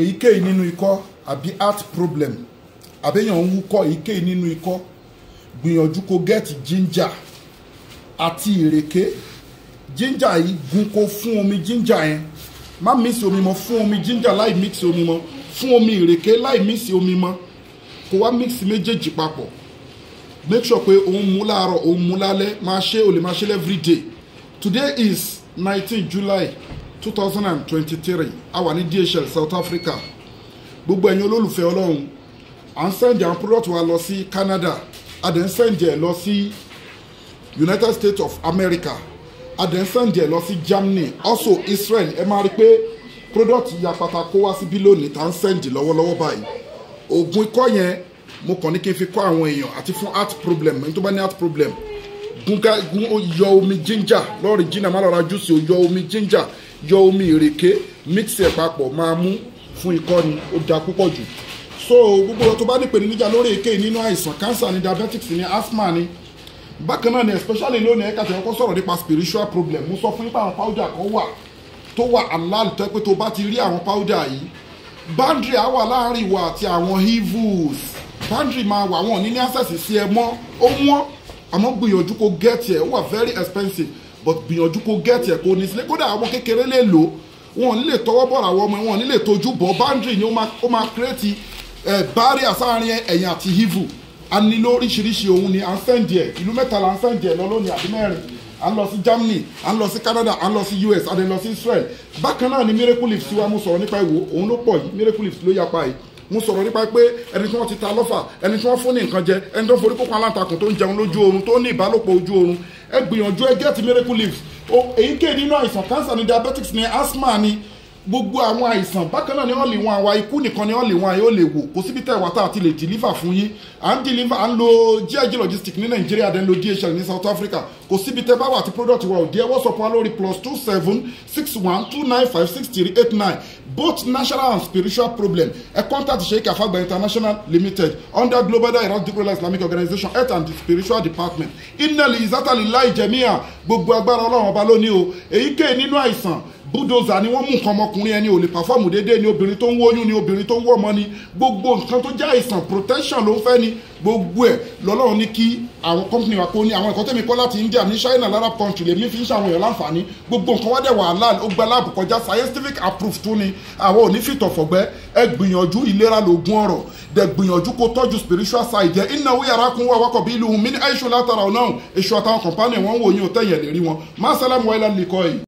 èyíkéyìí nínú ikọ́ àbí heart problem àbẹ́yàn ń wúkọ́ èyíkéyìí nínú ikọ́ gbìyànjú kó gẹ́ẹ̀tì ginger àti ìrèké ginger yìí gun kó fún omi ginger yẹn má mix omi mọ́ fún omi ginger láì mix omi mọ́ fún omi ìrèké láì mix omi mọ́ kó wá mix méjèèjì papọ̀ make sure pé òun mú láàárọ̀ òun mú lálẹ́ máa ṣe o máa ṣe every day today is nineteen july 2023 a wà DHL South Africa gbogbo ẹ̀yin olólùfẹ́ ọlọ́run à ń sẹ́ǹdì àwọn product wa lọ sí Canada a dẹ̀ ń sẹ́ǹdì ẹ̀ lọ sí United States of America a dẹ̀ ń sẹ́ǹdì ẹ̀ lọ sí Germany also Israel ẹ máa rí i pé product ya pata kó wá síbí lónìí tá à ń sẹ́ǹdì lọ́wọ́lọ́wọ́ báyìí oògùn ikọ́ yẹn mo kàn ní kí n fi kọ́ àwọn èèyàn àti fún heart problem ẹni tó bá ní heart problem gúnká gún yọ omi ginger lọ́ọ̀rì ginger má lọ́ra júùsì ó yọ omi ginger yọ omi ìrèké mix ẹ̀ papọ̀ máa mú fún ikọ́ ni ó da púpọ̀ jù so gbogbo tó bá ní ìpèníjà lórí èké nínú àìsàn cancer ni diabetics ni asthma ni bákan náà ni especially lónìí ẹ̀ka tẹ̀wọ́n kọ́ sọ̀rọ̀ nípa spiritual problem mo sọ fún yín pé àwọn powder kan wà tó wà halal tó pé tó bá ti rí àwọn powder yìí boundary á wà láàrin ìwà àti àwọn evils boundary máa wà wọn ní ní access sí ẹ mọ́ ó wọ́n àmọ́ gbìyànjú kó gẹ́ẹ̀tì ẹ̀ ó wà very expensive but gbìyànjú kó gẹ́ẹ̀tì ẹ̀ kó ní sílé kódà àwọn kékeré lè lò wọn ò ní lè tọwọ́ bọ̀rọ̀ àwọn ọmọ wọn ò ní lè tójú bọ̀ boundary ni ó máa create eh, barrier sáárín ẹ̀yìn àti evil a ní lóríṣiríṣi òun ni à ń sẹ́ǹdì ẹ̀ ìlú mẹ́ta la ń sẹ́ǹdì ẹ̀ lọ lónìí àbí mẹ́rin à ń lọ sí Germany à ń lọ sí Canada à ń lọ sí US à ń lọ sí Israel bákan náà ni miracle leaf tiwa mo sọ̀rọ̀ nípa ìwò òun ló pọ̀ yìí miracle leaf ló yapa yìí mo sọ̀rọ̀ nípa pé ẹni tí wọ́n ti ta lọ́fà ẹni tí wọ́n fún ní nǹkan jẹ ẹni tí wọ́n forí kókó aláǹtakùn tó ń jẹun lójú oorun tó ní ìbálòpọ̀ ojú oorun ẹ gbìyànjú ẹ get miracle leaf èyíkéyìí nínú àìsàn cancer ni diabetics ni asthma ni gbogbo àwọn àìsàn bákan náà ni wọ́n lè wọn àwa ikú nìkan ni wọ́n lè wọn àyè ó lè wò kò síbi tẹ̀wá tá a lè deliver fún yín à ń deliver à ń lo GIG logistics ní Nàìjíríà dẹ̀ ń lo DHL ní South Africa kò síbi tẹ bá wà product wa ò dé ẹwọ́ sọ fún plus two seven six one two nine five six three eight nine both national and spiritual problem ẹ contact Sheikh Afagba International Limited under Global Dahiratu Dhikrlahi Islamic Organization health and spiritual department Inna inel izatali lai jemiya gbogbo agbára Ọlọ́run ọba lónìí o èyíkéyìí nínú àìsàn bulldozer ni wọ́n mú nǹkan ọmọkùnrin ẹni ò lè pàfọ́ọ̀mù déédéé ni obìnrin tó ń wóyún ni obìnrin tó ń wọ́mọ ni gbogbo nǹkan tó jẹ́ àìsàn protection ló ń fẹ́ ni gbogbo ẹ̀ lọ́lọ́run ní kí àwọn company wa kó ní àwọn ẹ̀kọ́ tẹ̀mí kọ́ láti India ní China lára country lèmi fi ń ṣàwọn èèyàn láǹfààní gbogbo nǹkan wá dẹ̀ wà láàlú ó gba láàbù kọjá scientific approved tún ni àwọn ò ní fìtọ̀ fọ̀gbẹ́ ẹ gbìyànjú ìlera lóògùn ọ̀rọ̀ dẹ̀ gbìyànjú kó tọ́jú spiritual side yẹ iná wí yàrá kún wà wákọ̀ bí ìlú mi ní àìṣó látara ọ̀nà èṣù àtàwọn kọ̀ǹpánì wọn ń wò yín ò tẹ̀yẹ̀ lérí wọn má sálámù wáyé lálẹ́ kọ́ yìí.